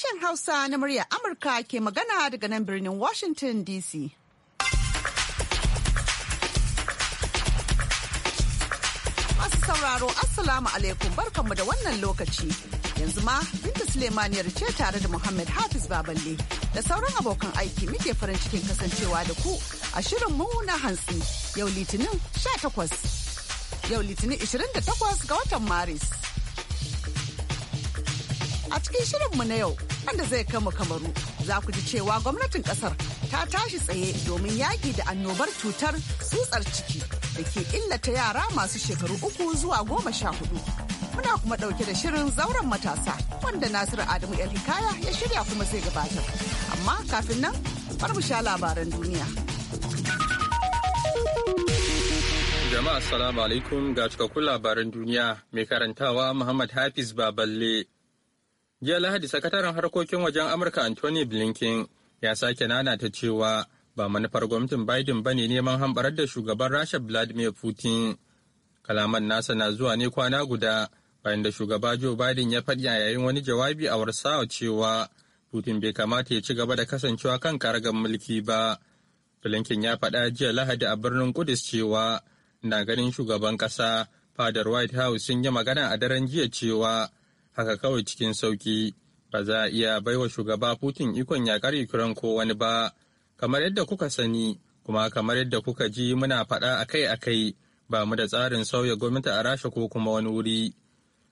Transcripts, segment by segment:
Sashen Hausa na murya Amurka ke magana daga nan birnin Washington DC. Masu sauraro Assalamu alaikum barkanmu da wannan lokaci. Yanzu ma Binta Suleimaniyar ce tare da Muhammad Hafiz Baballe da sauran abokan aiki muke farin cikin kasancewa da ku a shirin mu na hantsi yau Litinin 18. Yau Litinin 28 ga watan Maris. A cikin shirinmu na yau wanda zai kama kamaru za ku ji cewa gwamnatin kasar ta tashi tsaye domin yaƙi da annobar cutar tsutsar ciki da ke illata yara masu shekaru uku zuwa goma sha hudu muna kuma ɗauke da shirin zauren matasa wanda nasiru adamu yar hikaya ya shirya kuma zai gabatar amma kafin nan bar mu sha labaran duniya jama'a assalamu alaikum ga cikakkun labaran duniya mai karantawa muhammad hafiz baballe jiya lahadi sakataren harkokin wajen amurka anthony blinken ya sake nana ta cewa ba manufar gwamnatin biden ba ne neman hambarar da shugaban rasha vladimir putin kalaman nasa na zuwa ne kwana guda bayan da shugaba joe biden ya faɗi a yayin wani jawabi a warsawa cewa putin bai kamata ya ci gaba da kasancewa kan karagar mulki ba blinken ya faɗa jiya lahadi a birnin kudus cewa na ganin shugaban ƙasa fadar white house sun yi magana a daren jiya cewa haka kawai cikin sauki ba za a iya baiwa shugaba putin ikon yakar ukraine ko wani ba kamar yadda kuka sani kuma kamar yadda kuka ji muna faɗa akai-akai ba mu da tsarin sauya gwamnati a rasha ko kuma wani wuri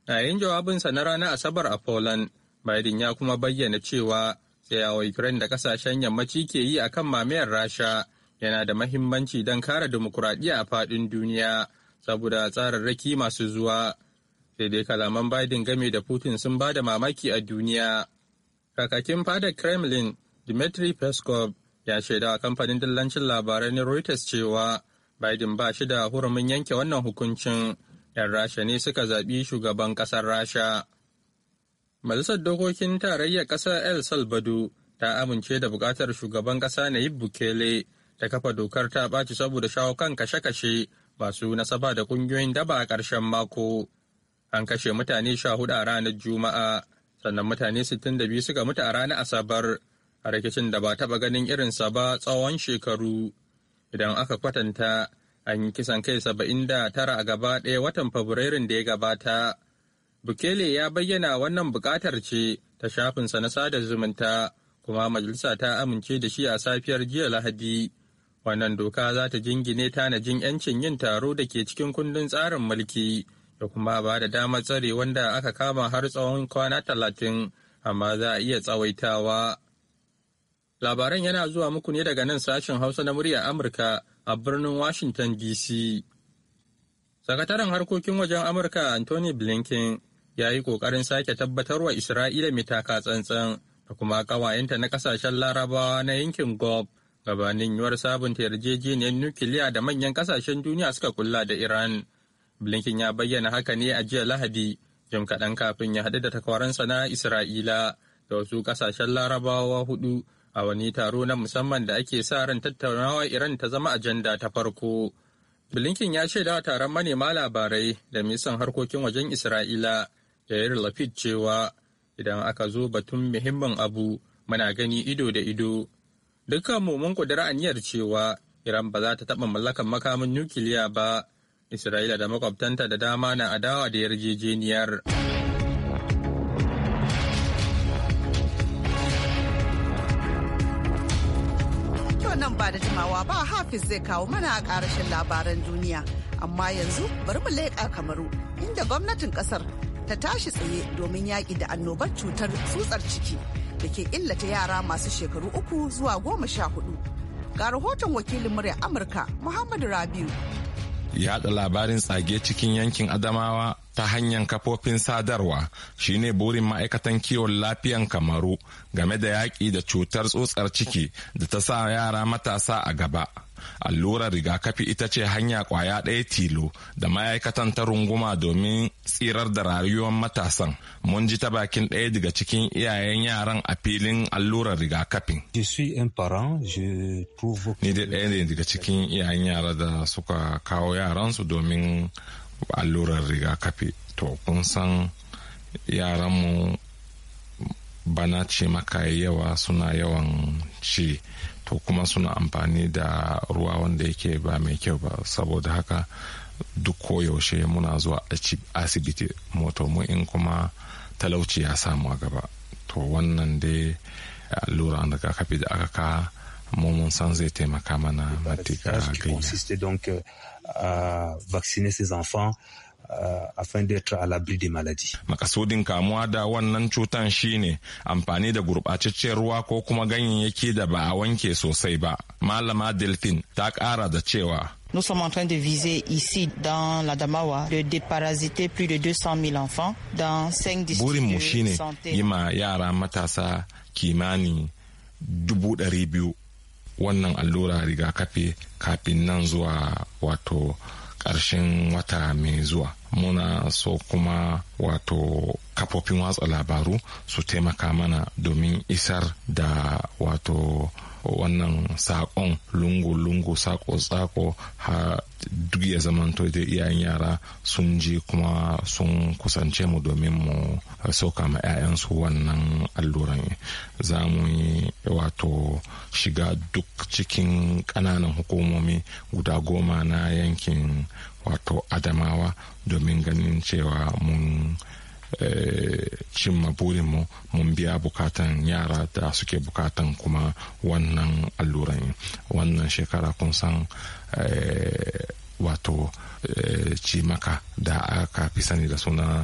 a yayin jawabinsa na ranar asabar a poland biden ya kuma bayyana cewa tsayawa ukraine da kasashen yammaci ke yi akan mamayar rasha yana da mahimmanci don kare dimokuraɗiyya a faɗin duniya saboda tsararraki masu zuwa sai dai kalaman Biden game da Putin sun ba da mamaki a duniya. Kakakin fadar Kremlin, Dmitry Peskov, ya shaida kamfanin dillancin labarai na Reuters cewa Biden ba shi da hurumin yanke wannan hukuncin, ‘yan Rasha ne suka zaɓi shugaban ƙasar Rasha. Majalisar Dokokin Tarayyar Ƙasar El Salvador ta amince da buƙatar shugaban ƙasa na yi Bukele ta kafa dokar ta ɓaci saboda shawo kan kashe-kashe masu nasaba da ƙungiyoyin daba a ƙarshen mako. an kashe mutane sha hudu a ranar juma'a sannan mutane 62 suka mutu a ranar asabar a rikicin da ba taba ganin irinsa ba tsawon shekaru idan aka kwatanta an yi kisan kai 79 a gaba ɗaya watan fabrairun da ya gabata bukele ya bayyana wannan buƙatar ce ta shafinsa na sada zumunta kuma majalisa ta amince da shi a safiyar jiya lahadi wannan doka za ta jingine tanajin 'yancin yin taro da ke cikin kundin tsarin mulki da kuma ba da damar tsare wanda aka kama har tsawon kwana talatin amma za a iya tsawaitawa. Labaran yana zuwa muku ne daga nan sashen Hausa na murya Amurka a birnin Washington DC. Sakataren harkokin wajen Amurka Anthony Blinken ya yi ƙoƙarin sake tabbatarwa Isra'ila mai taka tsantsan da kuma ƙawayenta na ƙasashen larabawa na yankin Gob gabanin yiwuwar sabunta yarjejeniyar nukiliya da manyan ƙasashen duniya suka kula da Iran. Blinken ya bayyana haka ne a jiya Lahadi, jim kaɗan kafin ya haɗu da takwaransa na Isra'ila da wasu ƙasashen larabawa hudu a wani taro na musamman da ake sa ran tattaunawa Iran ta zama ajanda ta farko. Blinken ya shaida taron manema labarai da mai misan harkokin wajen Isra'ila da Yair Lapid cewa idan aka zo batun muhimmin abu muna gani ido da ido. Dukkan mu mun kudura aniyar cewa Iran ba za ta taɓa mallakar makamin nukiliya ba Isra'ila da makwabtanta da dama na adawa da yarjejeniyar. nan ba da jimawa ba hafiz zai kawo mana a karashin labaran duniya amma yanzu bari mu leƙa kamaru inda gwamnatin ƙasar ta tashi tsaye domin yaƙi da annobar cutar tsutsar ciki da ke illata yara masu shekaru uku zuwa goma sha hudu ga rahoton wakilin murya amurka muhammadu rabiu Yaɗa labarin tsage cikin yankin Adamawa ta hanyar kafofin sadarwa shine burin ma'aikatan kiwon lafiyan kamaru game da yaƙi da cutar tsotsar ciki da ta sa yara matasa a gaba allurar rigakafi ita ce hanya kwaya ɗaya tilo da ma'aikatan ta runguma domin tsirar da rayuwar matasan mun ji ta bakin ɗaya daga cikin iyayen yaran a filin allurar rigakafin ni dai ɗaya ne daga cikin iyayen yara da suka kawo yaransu domin allurar rigakafi to kun san yaranmu bana ce maka yawa suna yawan ci to kuma suna amfani da ruwa wanda yake ba mai kyau ba saboda haka duk koyaushe muna zuwa asibiti mu in kuma talauci ya samu a gaba to wannan dai eh, alluran rigakafi da aka ka mun san zai taimaka mana ga yi. afin d'être à l'abri des Makasudin kamuwa da wannan cutan shine amfani da gurɓataccen ruwa ko kuma ganyayyaki da ba a wanke sosai ba. Malama Delphine ta ƙara da cewa Nous sommes en train de viser ici, dans la Damawa, de déparasiter plus de 200 000 enfants dans 5 districts mu shine yi ma yara matasa kimani dubu ɗari biyu wannan allura rigakafi kafin nan zuwa wato ƙarshen wata mai zuwa. muna so kuma wato kafofin watsa labaru su taimaka mana domin isar da wato wannan sakon lungu-lungu sako-sako ha duk ya zamanto da iyayen yara sun je kuma sun kusance mu domin mu sauka ma 'ya'yansu wannan alluran za mu yi wato shiga duk cikin ƙananan hukumomi guda goma na yankin wato adamawa domin ganin cewa mun cimma eh, mu mun biya bukatan yara da suke bukatan kuma wannan alluran wannan shekara kun san eh, wato eh, cimaka da aka fi sani da suna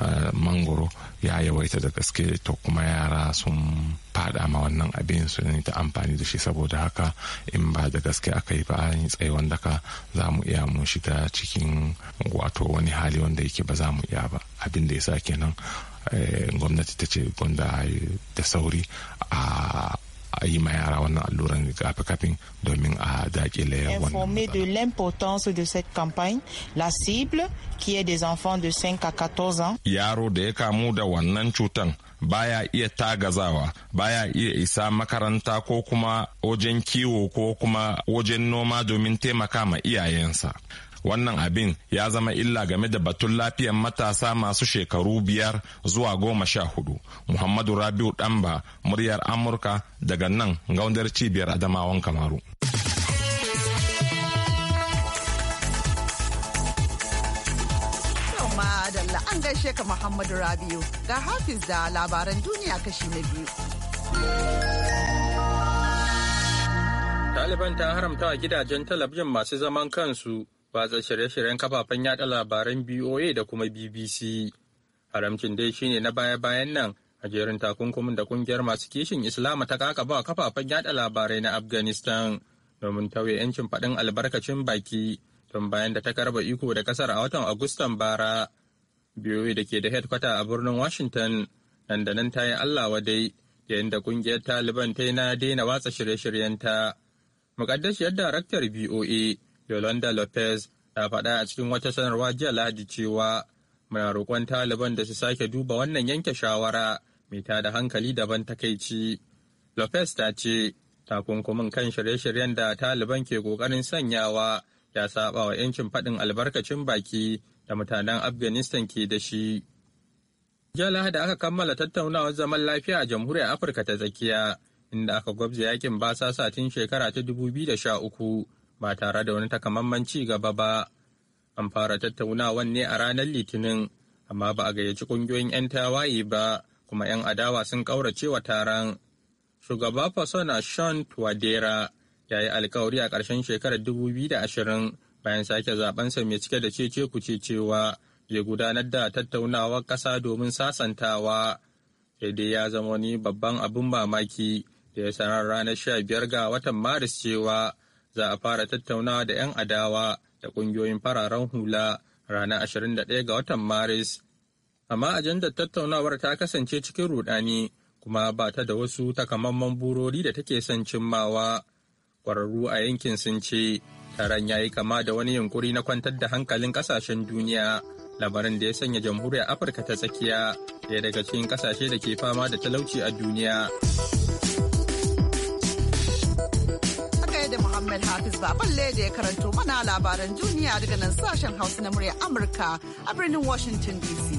eh, mangoro ya yawaita da gaske to kuma yara sun fada ma wannan abin su ne ta amfani da shi saboda haka in ba da gaske aka yi ba an yi tsayuwan daka za mu iya mu shiga cikin wato wani hali wanda yake ba za mu iya ba abin da ya sa kenan eh, gwamnati ta ce gwanda da sauri a a yi ma yara wannan alluran kafin domin a dakile wannan Informé de l'importance de cette campagne, la cible qui est des enfants de 5 à 14 ans. Yaro da ya kamu da wannan cutan baya iya tagazawa, baya iya isa makaranta ko kuma wajen kiwo ko kuma wajen noma domin taimaka ma iyayensa. wannan abin ya zama illa game da batun lafiyar matasa masu shekaru biyar zuwa goma sha hudu muhammadu rabiu ɗanba muryar amurka daga nan gaundar cibiyar adamawan kamaru an gaishe ka Muhammadu Rabiu ga Hafiz da labaran duniya kashi na biyu. Taliban ta haramta wa gidajen talabijin masu zaman kansu watsa shirye-shiryen kafafen yada labaran BOA da kuma BBC. Haramcin dai shine na baya-bayan nan a jerin takunkumin da kungiyar masu kishin Islama ta kaka ba kafafen yada labarai na Afghanistan domin tauye 'yancin faɗin albarkacin baki tun bayan da ta karba iko da kasar a watan Agustan bara. BOA da ke da headquarter a birnin Washington nan da nan ta yi Allah wadai yayin da kungiyar Taliban ta yi na daina watsa shirye-shiryenta. shiryen Muƙaddashiyar daraktar BOA Yolanda Lopez ta faɗa a cikin wata sanarwa jiya Lahadi cewa muna roƙon Taliban da su sake duba wannan yanke shawara mai da hankali daban takaici. Lopez ta ce takunkumin kan shirye-shiryen da Taliban ke ƙoƙarin sanyawa ya saba wa 'yancin faɗin albarkacin baki da mutanen Afghanistan ke da shi. Jiya Lahadi aka kammala tattaunawar zaman lafiya a Jamhuriyar Afirka ta Tsakiya, inda aka gwabza yakin basasa tun shekara ta 2013 ba tare da wani takamaiman ci gaba ba an fara tattaunawan ne a ranar litinin amma ba a gayyaci kungiyoyin 'yan tawaye ba kuma 'yan adawa sun ƙaurace wa taron shugaba fasona shan tuwadera ya yi alkawari a ƙarshen shekarar biyu da ashirin bayan sake zabensa mai cike da cece kuce cewa zai gudanar da tattaunawar ƙasa domin sasantawa sai dai ya zama wani babban abin mamaki da ya sanar ranar biyar ga watan maris cewa za a fara tattaunawa da 'yan adawa da ƙungiyoyin fararen hula ranar 21 ga watan maris amma ajandar tattaunawar ta kasance cikin rudani kuma ba ta da wasu takamaiman burori da take son cimmawa ƙwararru a yankin sun ce taron ya yi kama da wani yunkuri na kwantar da hankalin kasashen duniya labarin da ya sanya jamhuriyar afirka ta tsakiya daya daga cikin kasashe da ke fama da talauci a duniya. Muhammad Hafiz Baballe da ya karanto mana labaran duniya daga nan sashen Hausa na murya Amurka a birnin Washington DC.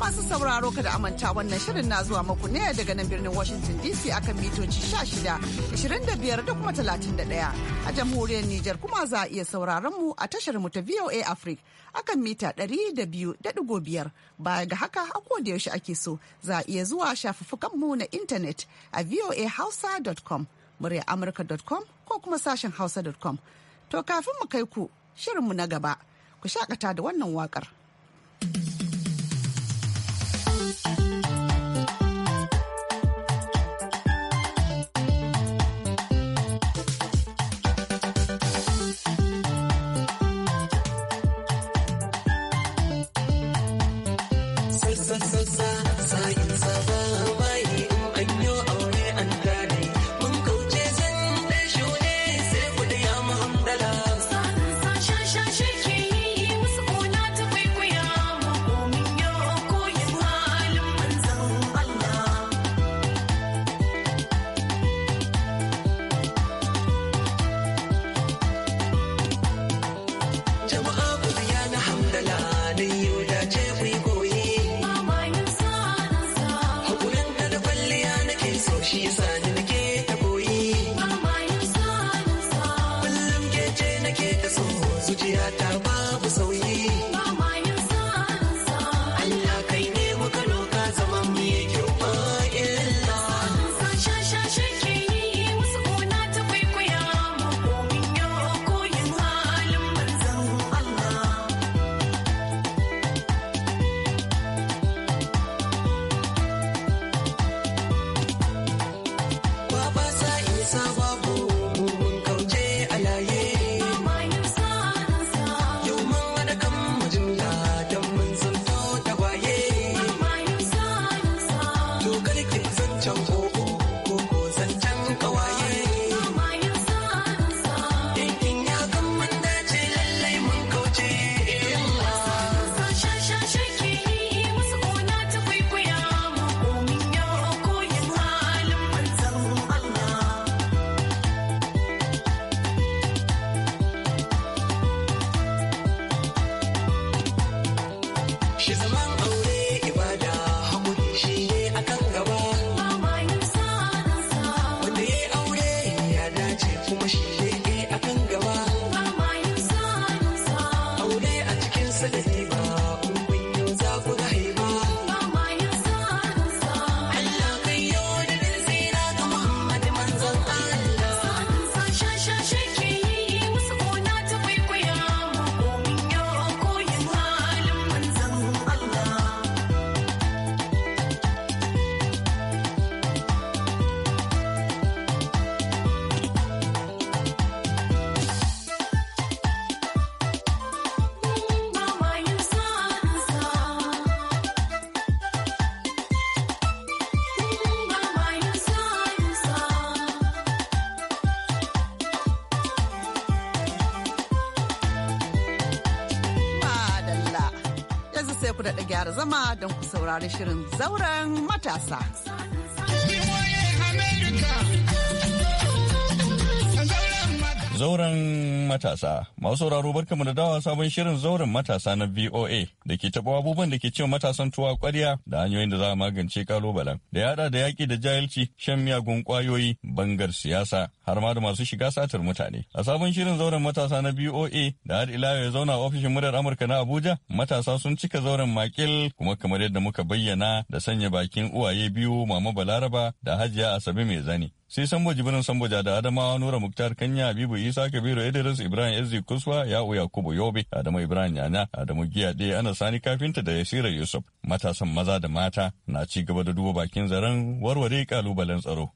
Masu sauraro kada amanta wannan shirin na zuwa muku ne daga nan birnin Washington DC akan mitoci 16, 25 da kuma 31. A jamhuriyar Nijar kuma za a iya sauraron mu a tashar mu ta VOA Africa akan mita 200.5. Baya ga haka a koda yaushe ake so za a iya zuwa shafuffukan mu na intanet a voahausa.com. muryaamurka.com ko kuma sashen hausa.com. To kafin mu kai ku shirinmu na gaba, ku shakata da wannan waƙar. ku daɗa gyara zama don ku saurari shirin zauren matasa. Zauren matasa, masu sauraro barkamu da dawa sabon shirin zauren matasa na VOA. da ke taɓa abubuwan da ke cewa matasan tuwa ƙwarya da hanyoyin da za a magance kalubalen da ya da yaƙi da jahilci shan miyagun ƙwayoyi bangar siyasa har ma da masu shiga satar mutane. A sabon shirin zauren matasa na BOA da har ila ya zauna a ofishin muryar Amurka na Abuja matasa sun cika zauren makil kuma kamar yadda muka bayyana da sanya bakin uwaye biyu Mama Balaraba da Hajiya Asabe mai zani. sai sambo jibirin samboja da adamawa nura muktar kanya habibu isa kabiru idris ibrahim ezzi kuswa ya uya yobe adamu ibrahim yana adamu giya ɗaya Sani Kafinta da Yasira Yusuf matasan maza da mata na ci gaba da duba bakin zaren warware kalubalen tsaro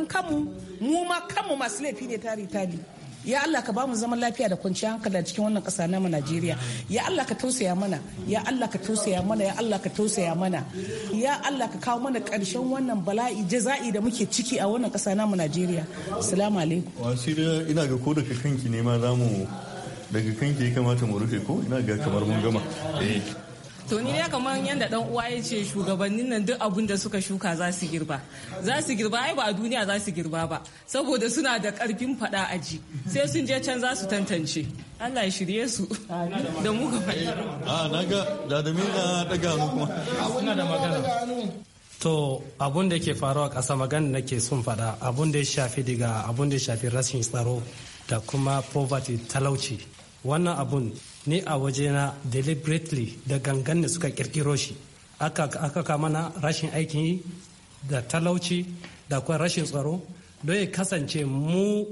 nan kanmu mu ma kanmu masu laifi ne tari tari ya Allah ka bamu zaman lafiya da kwanciyar hankali a cikin wannan ƙasa namu Najeriya ya Allah ka tausaya mana ya Allah ka tausaya mana ya Allah ka tausaya mana ya Allah ka kawo mana ƙarshen wannan bala'i jaza'i da muke ciki a wannan ƙasa namu Najeriya assalamu alaikum wasira ina ga ko daga kanki ne ma zamu daga kanki ya kamata mu rufe ko ina ga kamar mun gama eh to ni ne kamar yadda dan uwa ya ce shugabannin nan duk abun da suka shuka za su girba za su girba ai ba a duniya za su girba ba saboda suna da karfin fada a ji sai sun je can za su tantance Allah ya shirye su da mu gaba a na ga da da daga mu kuma suna da magana to abun da ke faruwa kasa magana nake sun fada abun da ya shafi daga abun da ya shafi rashin tsaro da kuma poverty talauci wannan abun ni a wajena deliberately da gangan ne suka kirkiro shi aka kama na rashin aikin yi da talauci da kuma rashin tsaro don ya kasance mu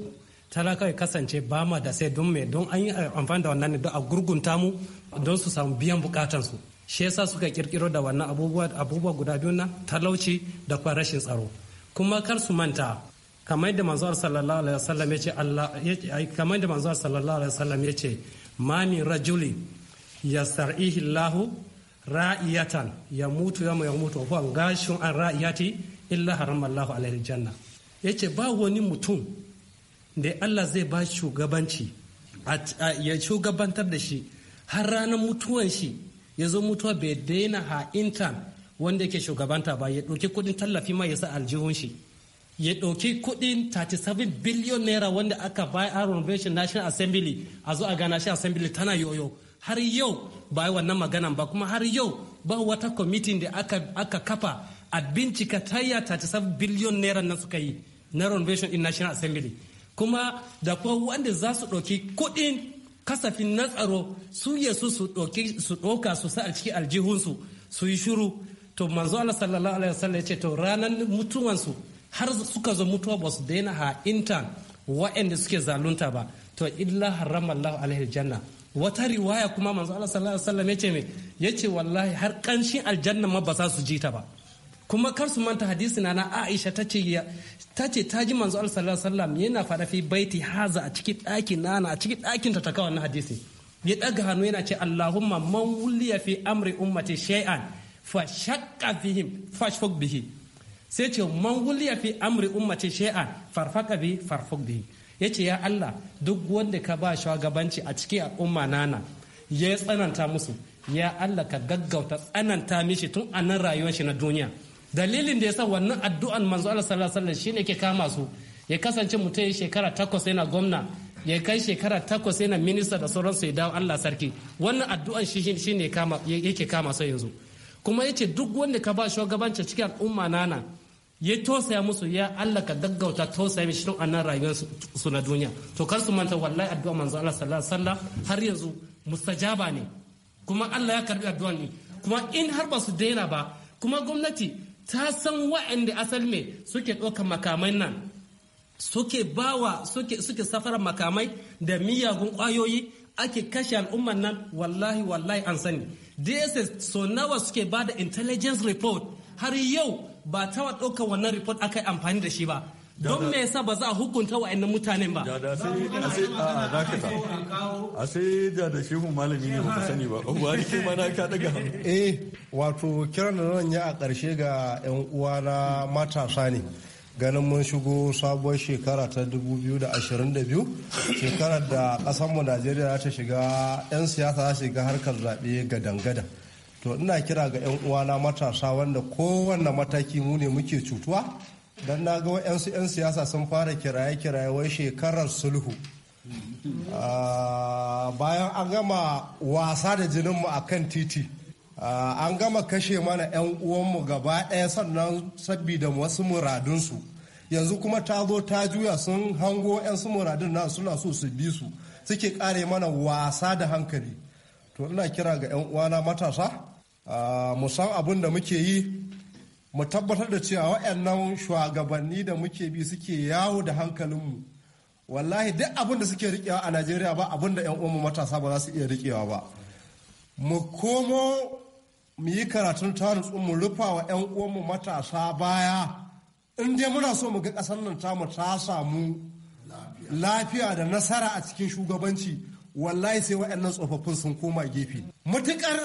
talaka ya kasance ba ma da sai don me don an yi amfani da wannan ne don a gurgunta mu don su samu biyan bukatansu shi yasa suka kirkiro da wannan abubuwa guda biyu na talauci da kuma rashin tsaro kuma kar su manta kamar da manzo sallallahu alaihi wasallam yace Allah kamar da manzo sallallahu alaihi wasallam yace mami rajuli ya sar'ihi lahu ra'iyatan ya ya mutu huwa gashin an ra'iyati illa haram Allahu alaihi janna Ya ce ba wani mutum da Allah zai ba shugabanci ya shugabantar da shi har ranar mutuwan shi ya zo mutuwa bai daina ha'intan wanda yake shugabanta ba ya ɗauki kuɗin tallafi ma ya sa aljihun shi ya ɗauki kuɗin 37 biliyon naira wanda aka bayar a renovation national assembly a zo a ga national assembly tana yoyo har yau ba wannan maganan ba kuma har yau ba wata committee da aka, kafa a bincika tayya 37 biliyon naira nan suka yi na renovation in national assembly kuma da kuma wanda za su ɗauki kuɗin kasafin na tsaro su yesu su ɗauka su sa a cikin aljihunsu su yi shuru to manzo Allah sallallahu alaihi wasallam ya ce to ranar mutuwansu har suka zo mutuwa ba su daina ha'inta wa'anda suke zalunta ba to illa harrama alaihi janna wata riwaya kuma manzo Allah sallallahu alaihi wasallam yace me yace wallahi har kanshin aljanna ma ba za su ji ta ba kuma kar su manta hadisi na Aisha tace tace ta ji manzo Allah sallallahu alaihi wasallam yana fada fi baiti haza a cikin ɗakin nana a cikin ɗakin ta taka na wannan hadisi ya daga hannu yana ce Allahumma man wuliya fi amri ummati shay'an fa shaqqa fihim fashfaq bihi sai ce man wuliya fi amri ummati shi'a farfaka bi farfuk bi yace ya Allah duk wanda ka ba shugabanci a cikin al'umma nana ya tsananta musu ya Allah ka gaggauta tsananta mishi tun a nan rayuwar shi na duniya dalilin da ya sa wannan addu'an manzo Allah sallallahu alaihi wasallam shine ke kama su ya kasance mutum ya shekara takwas yana gwamna ya kai shekara takwas yana minista da sauransu ya dawo Allah sarki wannan addu'an shi shine yake kama su yanzu kuma yace duk wanda ka ba shugabanci cikin al'umma nana ya tosaya musu ya Allah ka gaggauta tosaya mishi a annan rayuwar su na duniya to kar su manta wallahi addu'a manzo Allah sallallahu alaihi wasallam har yanzu mustajaba ne kuma Allah ya karbi addu'a ne kuma in har ba su daina ba kuma gwamnati ta san wa'anda asal me suke ɗaukar makamai nan suke bawa suke suke safarar makamai da miyagun ƙwayoyi ake kashe al'ummar nan wallahi wallahi an sani DSS so nawa suke ba da intelligence report har yau ba ta ɗaukar wannan report aka yi amfani da shi ba don me yasa ba za a hukunta wa ɗan mutanen ba a sai da da shi shehu malami ne ba sani ba buhari ke ma na ka daga eh wato kiran da nan ya a karshe ga yan uwa na matasa ne ganin mun shigo sabuwar shekara ta 2022 shekarar da ƙasarmu najeriya ta shiga 'yan siyasa ta shiga harkar zaɓe gadan-gadan to ina kira ga 'yan uwana matasa wanda kowanne mataki mu ne muke cutuwa don na ga wa'yansu 'yan siyasa sun fara kiraye-kiraye wai shekarar sulhu ah, bayan an gama wasa da jininmu a kan titi ah, an gama kashe mana 'yan uwanmu gaba ɗaya sannan sabida wasu muradunsu yanzu kuma ta zo ta juya sun hango 'yan su muradun na suna so su bi su suke kare mana wasa da hankali to ina kira ga 'yan uwana matasa mu san abin da muke yi mu tabbatar da cewa waɗannan shugabanni da muke bi suke yawo da hankalinmu wallahi duk abin da suke riƙewa a najeriya ba abin da 'yan uwanmu matasa ba za su iya riƙewa ba mu komo mu yi karatun tarin mu rufa wa 'yan uwanmu matasa baya in dai muna so mu ga ƙasar nan ta mu ta samu lafiya da nasara a cikin shugabanci wallahi sai waɗannan tsofaffin sun koma gefe mutukar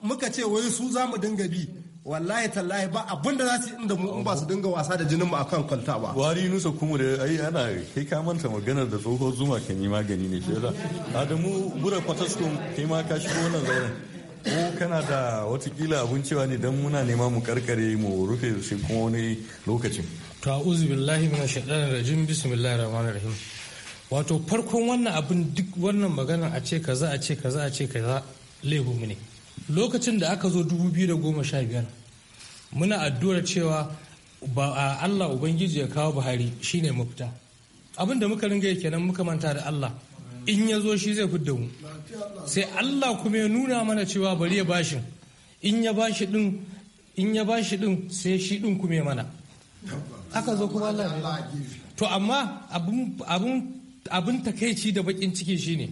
muka ce wai su za mu dinga bi wallahi tallahi ba abin da za su inda mu ba su dinga wasa da jinin mu akan kwalta ba wari nusa kuma da ai ana kai ka manta maganar da tsohon zuma kan yi magani ne shi yasa adamu bura kwataskun kai ma ka shigo wannan zauren ko kana da watakila abun cewa ne dan muna nema mu karkare mu rufe shi kuma wani lokacin ta'uzu billahi minash shaitanir rajim bismillahir rahmanir rahim wato farkon wannan abin duk wannan magana a ce kaza a ce kaza a ce kaza laifinmu ne lokacin da aka zo 2015 muna addu'ar cewa ba a Allah Ubangiji ya kawo Buhari shine mafita abin da muka ringa kenan muka manta da Allah in ya zo shi zai fidda mu sai Allah kuma ya nuna mana cewa bari ya bashi in ya bashi din in ya bashi din sai shi din kuma ya mana aka zo kuma Allah to amma abun abin takaici da bakin ciki shine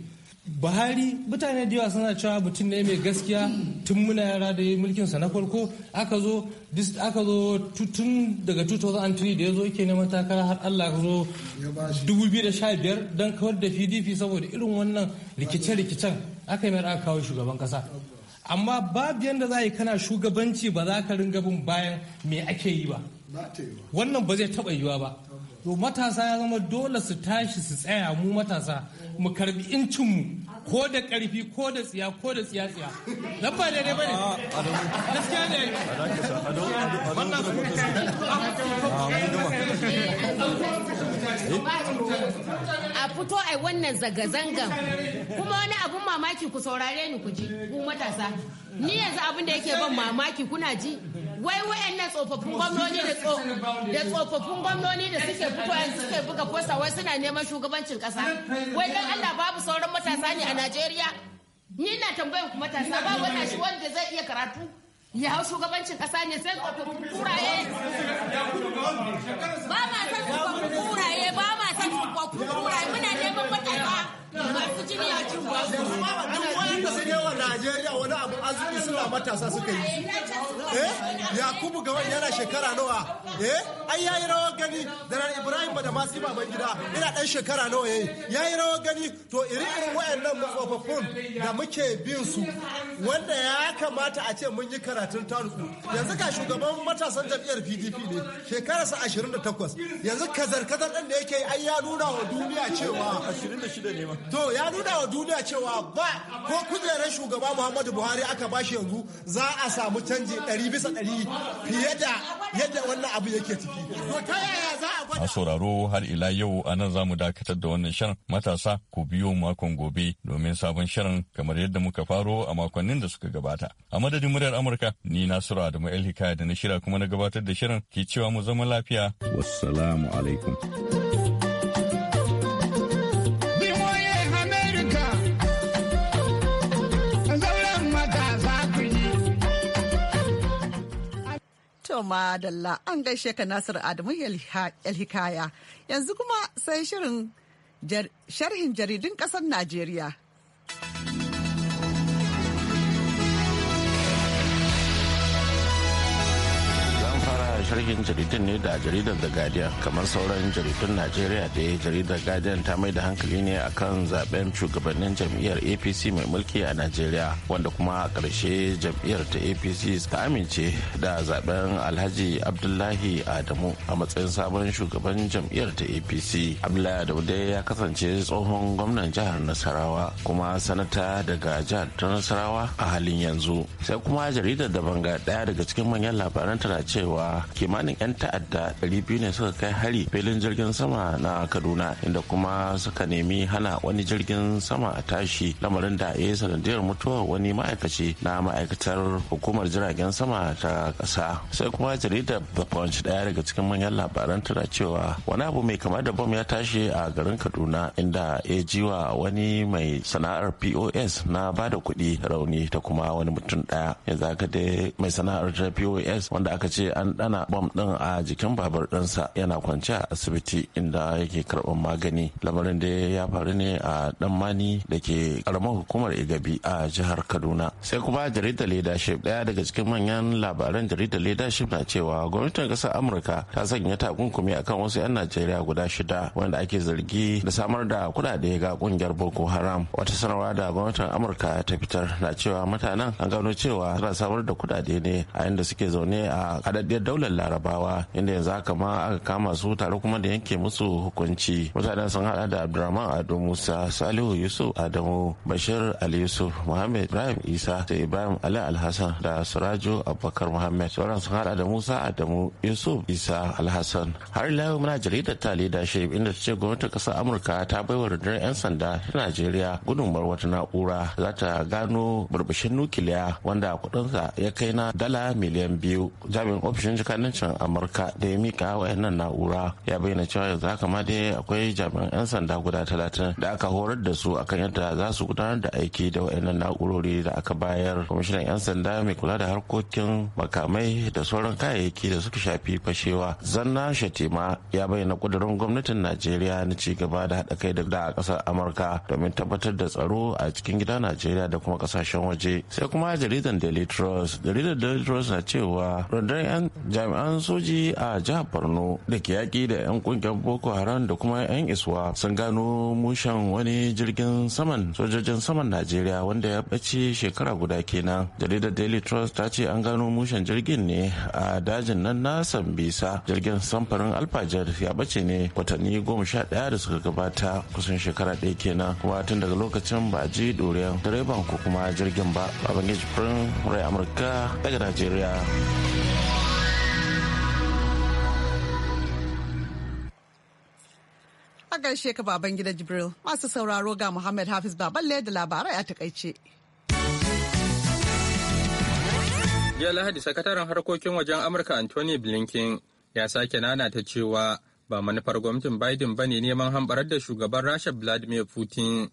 buhari mutane da yawa suna cewa mutum ne mai gaskiya tun muna yara da mulkin sa na farko aka zo aka zo tun daga 2003 da ya zo yake neman takara har allah ka zo 2015 don kawar da pdp saboda irin wannan rikice-rikicen aka yi mayar aka kawo shugaban kasa amma babu yadda za a yi kana shugabanci ba za ka ringa bin bayan me ake yi ba wannan ba zai taba yiwa ba to matasa ya zama dole su tashi su tsaya mu matasa mu karbi incinmu ko da karfi ko da tsiya ko da tsiya tsiya dan ba daidai bane ah, gaskiya ne ah, ah, eh? a fito ai wannan zanga-zangan kuma wani abun mamaki ku saurare ni ku ji ku matasa ni yanzu abin da yake ban mamaki kuna ji wai wayannan tsofaffin gwamnoni da tsofaffin gwamnoni da suke fito yanzu suke buga posta wai suna neman shugabancin kasa wai dan Allah babu sauran matasa ne a Najeriya ni na tambayar ku matasa ba wata shi wanda zai iya karatu ya hau shugabancin kasa ne sai tsofaffin kuraye ba ma san tsofaffin kuraye ba ma san tsofaffin kuraye muna neman matasa Najeriya wani abu arziki suna matasa suka yi. Eh? Yakubu ga yana shekara nawa. Eh? Ai yayi rawar gani da ran Ibrahim ba da masu baban gida. Ina dan shekara nawa yayi. Yayi rawar gani to iri irin wayannan matsofaffin da muke bin su wanda ya kamata a ce mun yi karatun taruku. Yanzu ga shugaban matasan jam'iyyar PDP ne. Shekararsa 28. Yanzu kazar kazar dan da yake ai ya nuna wa duniya cewa 26 ne ma. to ya nuna wa duniya cewa ba ko kujerar shugaba muhammadu buhari aka ba shi yanzu za a samu canji ɗari bisa ɗari fiye da yadda wannan abu yake ciki to ta yaya za a gwada a sauraro har ila yau a nan za mu dakatar da wannan shirin matasa ku biyo makon gobe domin sabon shirin kamar yadda muka faro a makonnin da suka gabata a madadin muryar amurka ni nasiru adamu el hikaya da na shira kuma na gabatar da shirin ke cewa mu zama lafiya wassalamu alaikum To madalla an gaishe ka Nasiru Adamu Hikaya. Yanzu kuma sai shirin sharhin jaridun kasar Najeriya Sarkin jaridun ne da jaridar da Guardian kamar sauran jaridun Najeriya da jaridar Guardian ta mai da hankali ne akan zaben shugabannin jam'iyyar APC mai mulki a Najeriya wanda kuma a ƙarshe jam'iyyar ta APC ta amince da zaben Alhaji Abdullahi Adamu a matsayin sabon shugaban jam'iyyar ta APC. Abdullahi Adamu dai ya kasance tsohon gwamnan jihar Nasarawa kuma sanata daga jihar ta Nasarawa a halin yanzu. Sai kuma jaridar da banga daya daga cikin manyan labaran tana cewa kimanin 'yan ta'adda 200 ne suka kai hari filin jirgin sama na kaduna inda kuma suka nemi hana wani jirgin sama a tashi lamarin da ya yi sanadiyar mutuwar wani ma'aikaci na ma'aikatar hukumar jiragen sama ta ƙasa sai kuma jaridar the punch daya daga cikin manyan labaran tana cewa wani abu mai kama da bom ya tashi a garin kaduna inda ya jiwa wani mai sana'ar pos na bada kuɗi rauni ta kuma wani mutum ɗaya yanzu aka dai mai sana'ar ta pos wanda aka ce an ɗana bom din a jikin babur ɗinsa yana kwance a asibiti inda yake karɓar magani lamarin da ya faru ne a dan mani da ke karamar hukumar igabi a jihar kaduna sai kuma jaridar leadership ɗaya daga cikin manyan labaran jaridar leadership na cewa gwamnatin ƙasar amurka ta sanya takunkumi akan wasu 'yan najeriya guda shida wanda ake zargi da samar da kudade ga kungiyar boko haram wata sanarwa da gwamnatin amurka ta fitar na cewa mutanen an gano cewa suna samar da kudade ne a inda suke zaune a adaddiyar daular larabawa inda yanzu haka ma aka kama su tare kuma da yanke musu hukunci mutanen sun hada da abdurrahman ado musa salihu yusuf adamu bashir ali yusuf muhammad ibrahim isa da ibrahim ali alhassan da surajo abubakar muhammad sauran sun hada da musa adamu yusuf isa alhassan har ila muna jaridar ta leda shaib inda ta ce gwamnatin kasar amurka ta baiwa rundunar yan sanda ta najeriya gudunmawar wata na'ura za ta gano burbushin nukiliya wanda kuɗinsa ya kai na dala miliyan biyu jami'in ofishin jikanin jakadancin amurka da ya mika wayannan na'ura ya bayyana cewa yanzu haka ma dai akwai jami'an 'yan sanda guda talatin da aka horar da su akan yadda za su gudanar da aiki da wayannan na'urori da aka bayar kwamishinan 'yan sanda mai kula da harkokin makamai da sauran kayayyaki da suka shafi fashewa zanna shatima ya bayyana kudurin gwamnatin najeriya na ci gaba da haɗa kai da ƙasar amurka domin tabbatar da tsaro a cikin gida najeriya da kuma ƙasashen waje sai kuma jaridan daily trust jaridar daily trust na cewa rundunar 'yan jami'an jami'an soji a jihar borno da ke yaƙi da 'yan ƙungiyar boko haram da kuma 'yan iswa sun gano mushen wani jirgin saman sojojin saman najeriya wanda ya ɓace shekara guda kenan jaridar daily trust ta ce an gano mushen jirgin ne a dajin nan na sambisa jirgin samfarin alfajar ya ɓace ne watanni goma sha ɗaya da suka gabata kusan shekara ɗaya kenan kuma tun daga lokacin ba ji ɗoriyar direban ko kuma jirgin ba babangiji firin rai amurka daga najeriya gaishe ka baban gida Jibril. Masu sauraro ga Muhammad Hafiz Baballe da labarai a takaice. Jiya Lahadi sakataren harkokin wajen Amurka Anthony Blinken ya sake nana ta cewa ba manufar gwamnatin Biden bane neman hambarar da shugaban Rasha Vladimir Putin.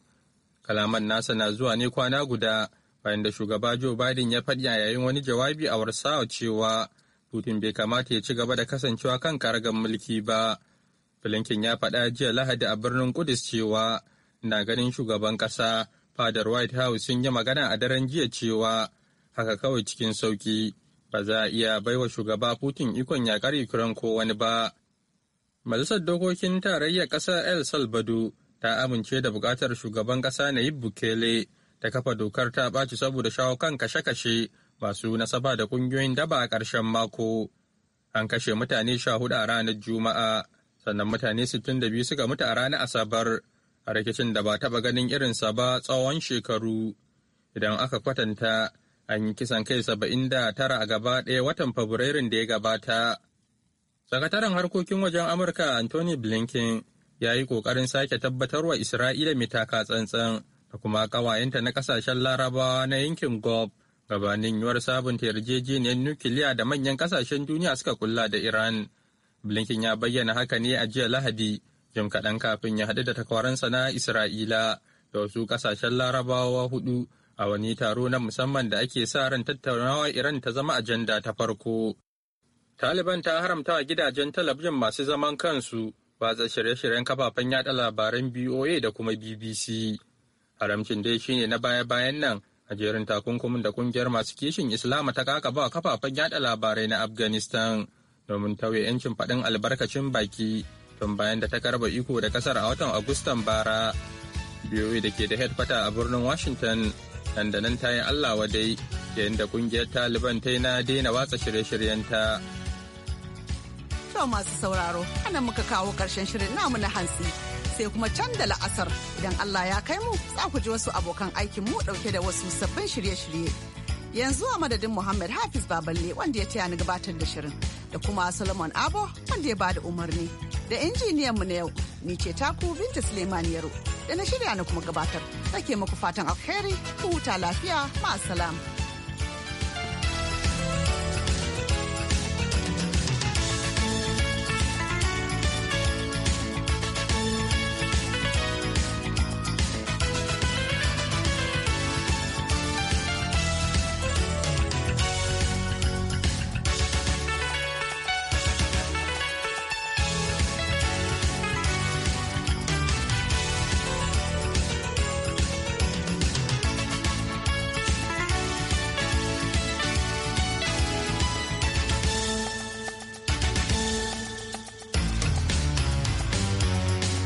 Kalaman nasa na zuwa ne kwana guda bayan da shugaba Joe Biden ya faɗi yayin wani jawabi a Warsawa cewa Putin bai kamata ya ci gaba da kasancewa kan karagar mulki ba. Blinken ya faɗa jiya Lahadi a birnin Kudus cewa na ganin shugaban ƙasa fadar White House sun yi magana a daren jiya cewa haka kawai cikin sauki ba za a iya baiwa shugaba Putin ikon yakar Ukraine ko wani ba. Majalisar dokokin tarayyar ƙasar El Salvador ta amince da buƙatar shugaban ƙasa na yi Bukele ta kafa dokar ta ɓaci saboda shawo kan kashe-kashe masu nasaba da ƙungiyoyin daba a ƙarshen mako. An kashe mutane sha hudu a ranar Juma'a. sannan mutane 62 suka mutu a ranar asabar a rikicin da ba taba ganin irinsa ba tsawon shekaru idan aka kwatanta an yi kisan kai 79 a gaba ɗaya watan fabrairun da ya gabata sakataren harkokin wajen amurka anthony blinken ya yi ƙoƙarin sake tabbatarwa isra'ila mitaka tsantsan da kuma ƙawayenta na ƙasashen larabawa na yankin gob gabanin yiwuwar sabunta yarjejeniyar nukiliya da manyan ƙasashen duniya suka kulla da iran Blinken ya bayyana haka ne a jiya Lahadi, jim kaɗan kafin ya haɗu da takwaransa na Isra'ila da wasu ƙasashen larabawa hudu a wani taro na musamman da ake sa ran tattaunawa Iran ta zama ajanda ta farko. Taliban ta haramta wa gidajen talabijin masu zaman kansu watsa shirye-shiryen kafafen yada labaran BOA da kuma BBC. Haramcin dai shine na baya-bayan nan a jerin takunkumin da kungiyar masu kishin Islama ta ba kafafen yada labarai na Afghanistan. domin tauye 'yancin faɗin albarkacin baki tun bayan da ta karba iko da kasar a watan agustan bara biyoyi da ke da headkwata a birnin washington dandanan ta yi allah wadai yayin da kungiyar taliban ta yi na daina watsa shirye-shiryenta to masu sauraro ana muka kawo karshen shirin namu na hansi sai kuma can da la'asar idan allah ya kai mu za ku ji wasu abokan aikin mu dauke da wasu sabbin shirye-shirye yanzu a madadin muhammad hafiz baballe wanda ya taya ni gabatar da shirin da kuma Solomon Abo wanda ya bada umarni da injiniyan mu na yau ni ce taku Binta Suleiman Yaro da na shirya na kuma gabatar sake muku fatan alheri ku huta lafiya ma